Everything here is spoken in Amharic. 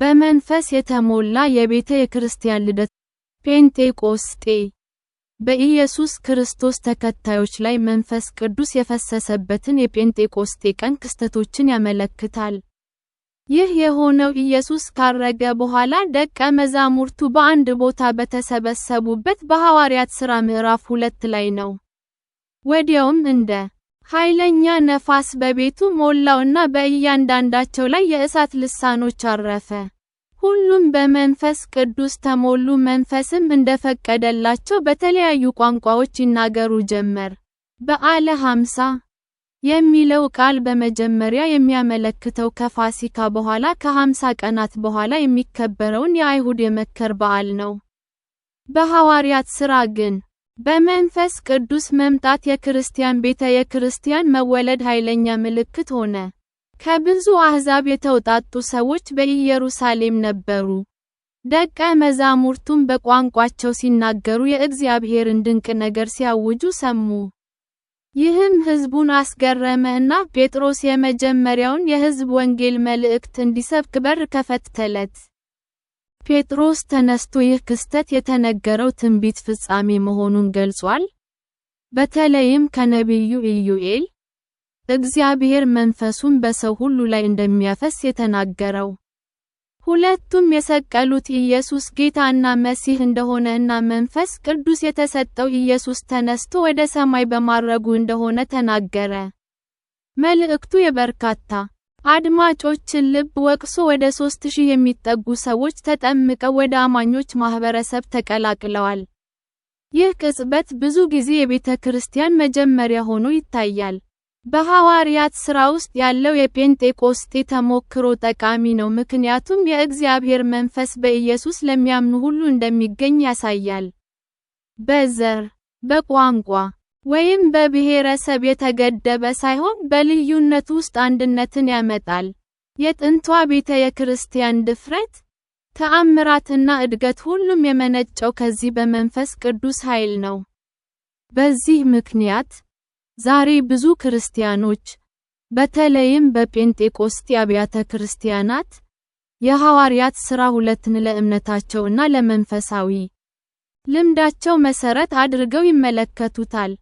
በመንፈስ የተሞላ የቤተ ክርስቲያን ልደት ፔንቴኮስቴ በኢየሱስ ክርስቶስ ተከታዮች ላይ መንፈስ ቅዱስ የፈሰሰበትን የጴንጤቆስጤ ቀን ክስተቶችን ያመለክታል። ይህ የሆነው ኢየሱስ ካረገ በኋላ ደቀ መዛሙርቱ በአንድ ቦታ በተሰበሰቡበት በሐዋርያት ሥራ ምዕራፍ ሁለት ላይ ነው። ወዲያውም እንደ ኃይለኛ ነፋስ በቤቱ ሞላውና በእያንዳንዳቸው ላይ የእሳት ልሳኖች አረፈ። ሁሉም በመንፈስ ቅዱስ ተሞሉ መንፈስም እንደፈቀደላቸው በተለያዩ ቋንቋዎች ይናገሩ ጀመር። በዓለ ሃምሳ የሚለው ቃል በመጀመሪያ የሚያመለክተው ከፋሲካ በኋላ ከሃምሳ ቀናት በኋላ የሚከበረውን የአይሁድ የመከር በዓል ነው። በሐዋርያት ሥራ ግን በመንፈስ ቅዱስ መምጣት የክርስቲያን ቤተ የክርስቲያን መወለድ ኃይለኛ ምልክት ሆነ። ከብዙ አሕዛብ የተውጣጡ ሰዎች በኢየሩሳሌም ነበሩ። ደቀ መዛሙርቱም በቋንቋቸው ሲናገሩ የእግዚአብሔርን ድንቅ ነገር ሲያውጁ ሰሙ። ይህም ሕዝቡን አስገረመ እና ጴጥሮስ የመጀመሪያውን የሕዝብ ወንጌል መልእክት እንዲሰብክ በር ከፈተለት። ጴጥሮስ ተነስቶ ይህ ክስተት የተነገረው ትንቢት ፍጻሜ መሆኑን ገልጿል። በተለይም ከነቢዩ ኢዩኤል፣ እግዚአብሔር መንፈሱን በሰው ሁሉ ላይ እንደሚያፈስ የተናገረው። ሁለቱም የሰቀሉት ኢየሱስ ጌታና መሲህ እንደሆነ እና መንፈስ ቅዱስ የተሰጠው ኢየሱስ ተነስቶ ወደ ሰማይ በማረጉ እንደሆነ ተናገረ። መልእክቱ የበርካታ አድማጮችን ልብ ወቅሶ ወደ 3000 የሚጠጉ ሰዎች ተጠምቀው ወደ አማኞች ማህበረሰብ ተቀላቅለዋል። ይህ ቅጽበት ብዙ ጊዜ የቤተ ክርስቲያን መጀመሪያ ሆኖ ይታያል። በሐዋርያት ሥራ ውስጥ ያለው የፔንቴኮስቴ ተሞክሮ ጠቃሚ ነው ምክንያቱም የእግዚአብሔር መንፈስ በኢየሱስ ለሚያምኑ ሁሉ እንደሚገኝ ያሳያል። በዘር፣ በቋንቋ ወይም በብሔረሰብ የተገደበ ሳይሆን በልዩነት ውስጥ አንድነትን ያመጣል። የጥንቷ ቤተ የክርስቲያን ድፍረት፣ ተአምራትና እድገት ሁሉም የመነጨው ከዚህ በመንፈስ ቅዱስ ኃይል ነው። በዚህ ምክንያት፣ ዛሬ ብዙ ክርስቲያኖች፣ በተለይም በጴንጤቆስጤ አብያተ ክርስቲያናት፣ የሐዋርያት ሥራ ሁለትን ለእምነታቸውና ለመንፈሳዊ ልምዳቸው መሠረት አድርገው ይመለከቱታል።